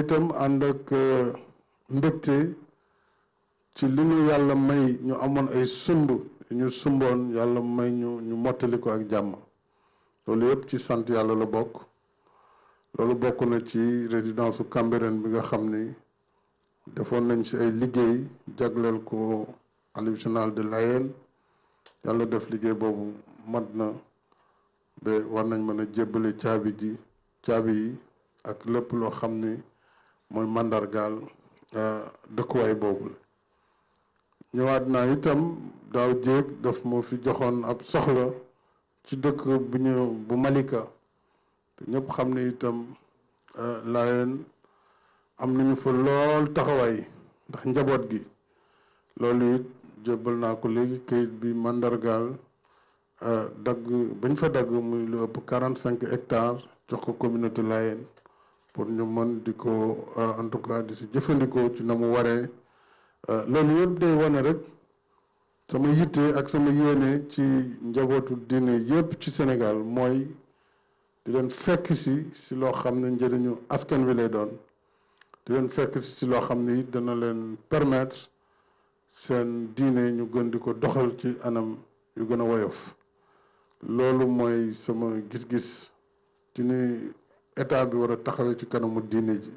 itam ànd ak euh, mbégte ci li ñu yàlla may ñu amoon ay sumb ñu sumboon yàlla may ñu ñu mottali ko ak jàmm loolu yëpp ci sant yàlla la bokk loolu bokk na ci résidence su Cambérène bi nga xam ni defoon nañ ci ay liggéey jagleel ko xalif général de Layène yàlla def liggéey boobu mat na ba war nañ mën a jébbale caabi ji caabi yi ak lépp loo xam ni mooy màndargaal euh, dëkkuwaay boobu la ñëwaat naa itam daaw jéeg daf ma fi joxoon ab soxla ci dëkk bu ñu bu Malika te ñëpp xam ne itam euh, laayeen am nañu fa lool taxawaay ndax njaboot gi loolu it jébbal naa ko léegi kayit bi màndargaal euh, dagg bañ fa dagg muy lu ëpp quarante cinq hectares jox ko communauté laayeen pour ñu mën di ko euh, en tout cas di si jëfandikoo ci na mu waree euh, loolu yëpp day wane rek sama yitte ak sama yéene ci njabootu diine yépp ci Sénégal mooy di leen fekk si si loo xam ne njëriñu askan wi lay doon di leen fekk si si loo xam ne dana leen permettre seen diine ñu gën di ko doxal ci anam yu gën a woyof loolu mooy sama gis-gis ci ni état bi war a taxawee ci kanamu diine ji